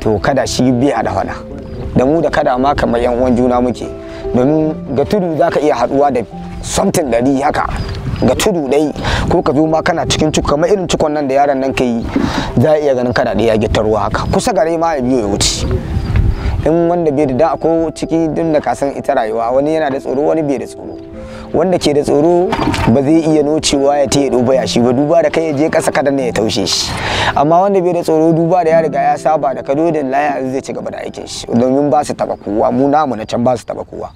to kada shi biya da hada da mu da kada ma kamar yan uwan juna muke domin ga tudu za ka iya haduwa da something dari haka ga tudu dai ko ka zo ma kana cikin cuk kamar irin cikon nan da yaron nan ka yi za iya ganin kana da ya gitarwa haka kusa gare ma ya biyo ya wuce in wanda bai da da ko ciki din da ka san ita rayuwa wani yana da tsoro wani bai da tsoro wanda ke da tsoro ba zai iya nocewa ya ta ya duba yashi ba duba da kai ya je ƙasa kada ne ya taushe shi amma wanda bai da tsoro duba da ya riga ya saba da kado layi a zai ci gaba da aikin shi domin ba su taba kowa mu namu na can ba su taba kowa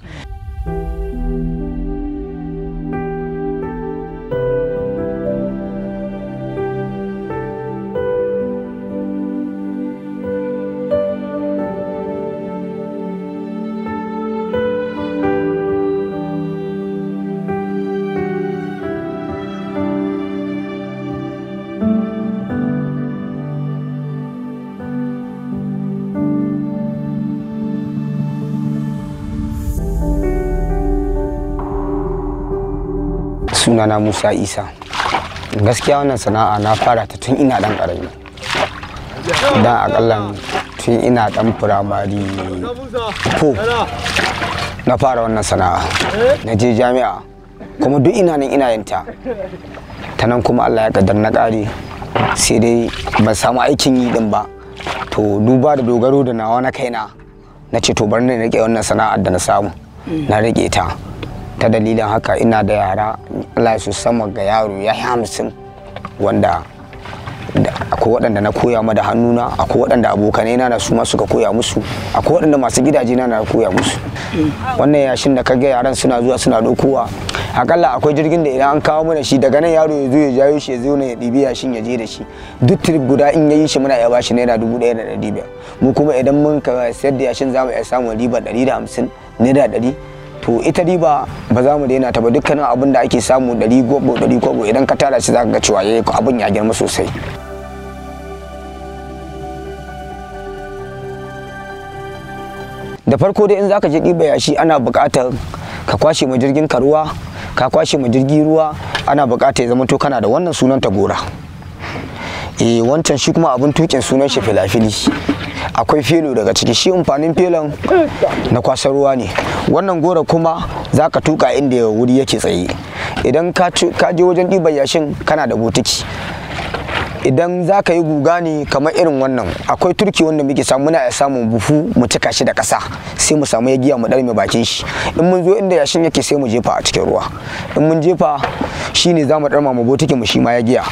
sunana Musa Isa. Gaskiya wannan sana'a na fara ta tun ina dan karami. dan akalla tun ina dan firamari ko na fara wannan sana'a. Na je jami'a kuma duk ina nan ina yanta. Ta nan kuma Allah ya kaddar na kare sai dai ban samu aikin yi din ba. To duba da dogaro da nawa na kaina na ce to bari na rike wannan sana'ar da na samu. Na rike ta. ta dalilin haka ina da yara Allah su sama ga yaro ya hamsin wanda akwai waɗanda na koya ma da hannuna akwai waɗanda abokanai na su ma suka koya musu akwai waɗanda masu gidaje na na koya musu wannan yashin da ka ga yaran suna zuwa suna dokowa akalla akwai jirgin da idan an kawo mana shi daga nan yaro ya zo ya jayo shi ya zo ne ya ɗibi yashin ya je da shi duk trip guda in ya yi shi muna iya bashi naira dubu ɗaya da ɗari biyar mu kuma idan mun ka sayar da yashin za mu iya samun riba ɗari da hamsin naira ɗari to ita riba ba za mu daina ta ba dukkanin abin da ake samu ɗari gobo ɗari gobo idan ka tara shi za ka ga cewa yayi eh, abin ya girma sosai da farko dai in za ka je ɗiba yashi ana buƙatar ka kwashe ma jirgin ka ruwa ka kwashe ma jirgin ruwa ana buƙatar ya zama to kana da wannan sunan ta gora eh wancan shi kuma abin tukin sunan shi filafili akwai filo daga ciki shi amfanin filon na kwasar ruwa ne wannan gora kuma za ka tuka inda wuri yake tsaye idan ka je wajen ɗiban yashin kana da butiki idan za ka yi guga ne kamar irin wannan akwai turki wanda muke samu muna samun bufu mu cika shi da ƙasa sai mu samu yagiya mu ɗarme bakin shi in mun zo inda yashin yake sai mu jefa a cikin ruwa in mun jefa shi ne za mu ɗarma mu botikin mu shi ma yagiya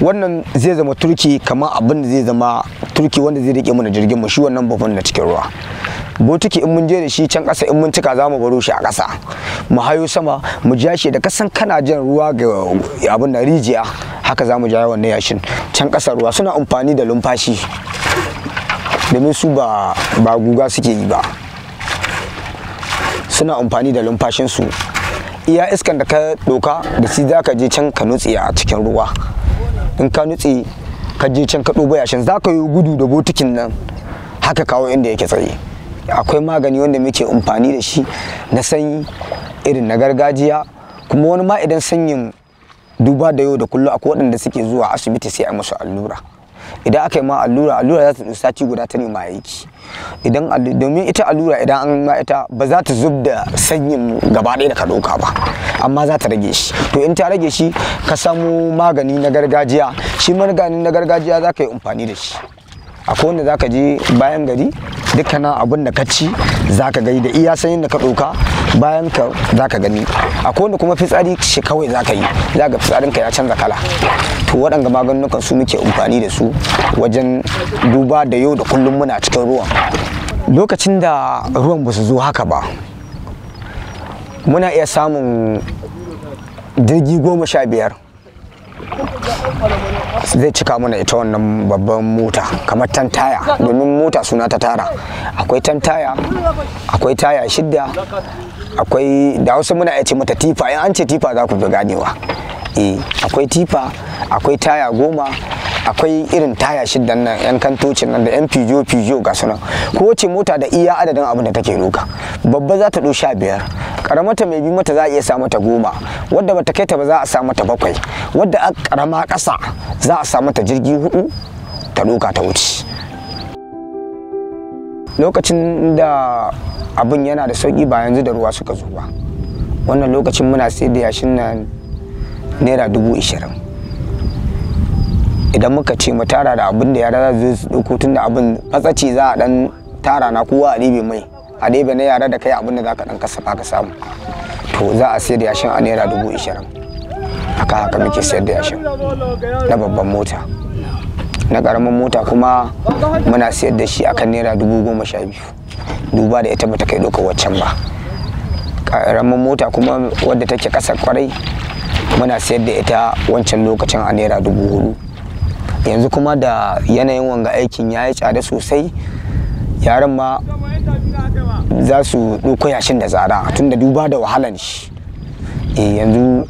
wannan zai zama turki kamar abin da zai zama turki wanda zai rike mana jirgin mu shi wannan babban na cikin ruwa botiki in mun je da shi can kasa in mun cika za mu baro shi a kasa mu hayo sama mu ja shi da kasan kana jan ruwa ga abin da rijiya haka za mu ja wannan yashin can ƙasa ruwa suna amfani da lumfashi domin su ba ba guga suke yi ba suna amfani da su iya iskan da ka doka da shi za ka je can ka nutse a cikin ruwa in ka nutse ka je can ka ɗobo yashin za ka yi gudu da botikin nan haka kawo inda yake tsaye akwai magani wanda muke amfani da shi na sanyi irin na gargajiya kuma wani ma idan sanyin duba da yau da kullum akwai waɗanda suke zuwa asibiti sai a musu allura idan aka yi ma allura allura za ta ɗau sati guda ta nema aiki idan domin ita allura idan an ma ita ba za ta zub da sanyin gaba ɗaya da ka ɗauka ba amma za ta rage shi to in ta rage shi ka samu magani na gargajiya shi magani na gargajiya za ka yi amfani da shi akwai wanda zaka je bayan gari dukkanin abun da ka ci zaka gani da iya sanyin da ka ɗauka bayan ka zaka gani akwai wanda kuma fitsari shi kawai zaka yi zaka fitsarin ka ya canza kala to waɗanda maganukan su muke amfani da su wajen duba da yau da kullum muna cikin ruwan lokacin da ruwan ba su zo haka ba muna iya samun jirgi goma sha biyar zai cika mana ita wannan babban mota kamar tantaya domin mota suna ta tara akwai tantaya akwai taya shidda akwai da wasu muna ya ce mata tifa in an ce tifa za ku fi ganewa eh, akwai tifa akwai taya goma akwai irin taya shiddan nan yan kantocin nan da yan fijo fijo ga sunan wace mota da iya adadin abin da take doka babba za ta do sha biyar karamata mai bi mata za a iya sa mata goma wadda ta kai ta ba za a sa mata bakwai wadda a karama ƙasa za a sa mata jirgi hudu ta doka ta wuce lokacin da abin yana da sauki ba yanzu da ruwa suka zo ba wannan lokacin muna sai da yashin nan naira dubu ishirin idan muka ce mu tara da abin da yara za su ɗauko tun da abin matsaci za a ɗan tara na kowa a ɗebe mai a ɗebe na yara da kai abin da za ka ɗan kasafa ka samu to za a sayar da yashin a naira dubu ishirin haka haka muke sayar da yashin na babban mota na ƙaramin mota kuma muna sayar da shi akan naira dubu goma sha biyu duba da ita bata kai ɗaukar waccan ba ƙaramin mota kuma wadda take ƙasa kwarai muna sayar da ita wancan lokacin a naira dubu hudu yanzu kuma da yanayin wanga aikin ya yi tsada sosai yaran ma za su ɗauko yashin da zara tun da duba da wahalan shi e yanzu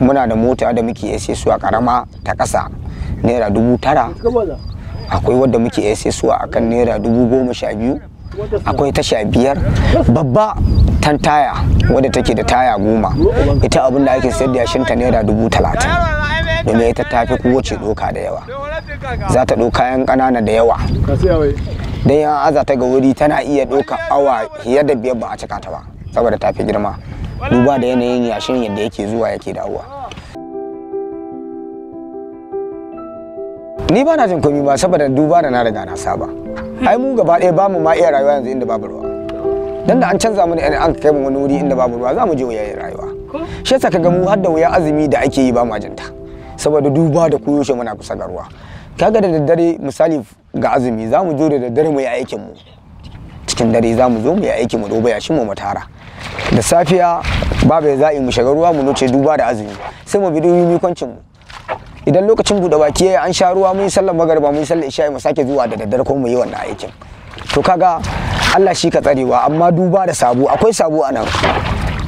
muna da mota da muke su a karama ta ƙasa naira dubu tara akwai wadda muke su a kan naira dubu goma sha biyu akwai ta sha biyar babba tan taya wadda take da taya goma ita abin da ake sayar da yashin ta naira dubu talatin domin ita ta fi kowace doka da yawa za ta doka kayan ƙanana da yawa don yan aza ta ga wuri tana iya doka awa fiye da biyar ba a cika ta ba saboda ta fi girma duba da yanayin yashin yadda yake zuwa yake dawowa ni ba na jin komi ba saboda duba da na riga na saba ai mu gaba ɗaya ba mu ma iya rayuwa yanzu inda babu ruwa dan da an canza mu ne an kai mu wani wuri inda babu ruwa za mu je wuya rayuwa shi yasa kaga mu har da wuya azumi da ake yi ba mu ajinta saboda duba da koyaushe muna kusa ga ruwa kaga da daddare misali ga azumi za mu zo da daddare mu yi aikin mu cikin dare za mu zo mu yi aikin mu dobe yashin mu mu tara da safiya babu za mu shiga ruwa mu nuce duba da azumi sai mu bi dumi kwancin mu idan lokacin buɗe baki yayi an sha ruwa mun yi sallar magariba mun yi sallar isha mu sake zuwa da daddare ko mu yi wannan aikin to kaga Allah shi ka tsarewa amma duba da sabo akwai sabo a nan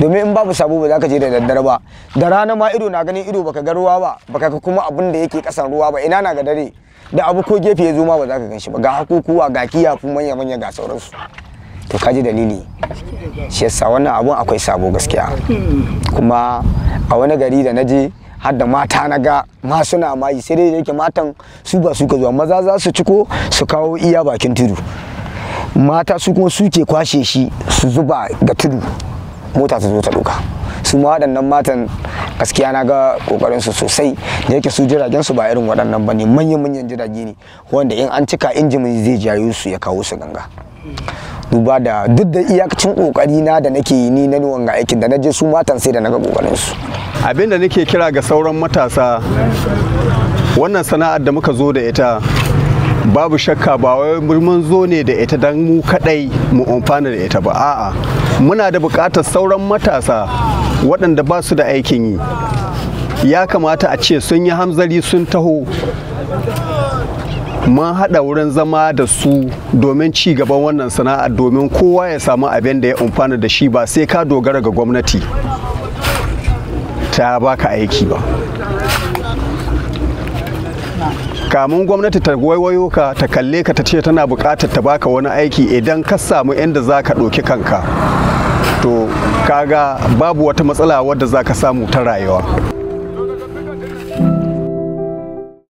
domin in babu sabo ba za ka je da daddare ba da rana ma ido na ganin ido baka ga ruwa ba baka ga kuma abin da yake kasan ruwa ba ina na ga dare da abu ko gefe ya zo ma ba za ka gan shi ba ga hakukuwa ga kiyafu manya manya ga sauransu to ka ji dalili shi yasa wannan abun akwai sabo gaskiya kuma a wani gari da na je har da mata na ga ma suna mayi sai dai yake matan su ba su ka zuwa maza za su ciko su kawo iya bakin tudu mata su kuma su ke kwashe shi su zuba ga tudu mota ta zo ta duka su ma waɗannan matan gaskiya na ga kokarin su sosai da yake su jiragen su ba irin waɗannan bane manyan manyan jirage ne wanda in an cika injin zai jayo su ya kawo su ganga duba da duk da iyakacin kokari na da nake yi ni na ga aikin da na je su matan sai da na ga kokarin su abin da nake kira ga sauran matasa wannan sana'ar da muka zo da ita babu shakka ba wai mun zo ne da ita dan mu kadai mu amfana da ita ba a'a muna da bukatar sauran matasa waɗanda ba su da aikin yi ya kamata a ce sun yi hamzari sun taho mun haɗa wurin zama da su domin ci gaban wannan sana'a domin kowa ya samu abin da ya amfana da shi ba sai ka dogara ga gwamnati ta baka aiki ba. kamun gwamnati ta waiwayo ka ta kalle ka ta ce tana bukatar ta baka wani aiki idan ka samu inda za ka ɗauki kanka to kaga babu wata matsala wadda za ka samu ta rayuwa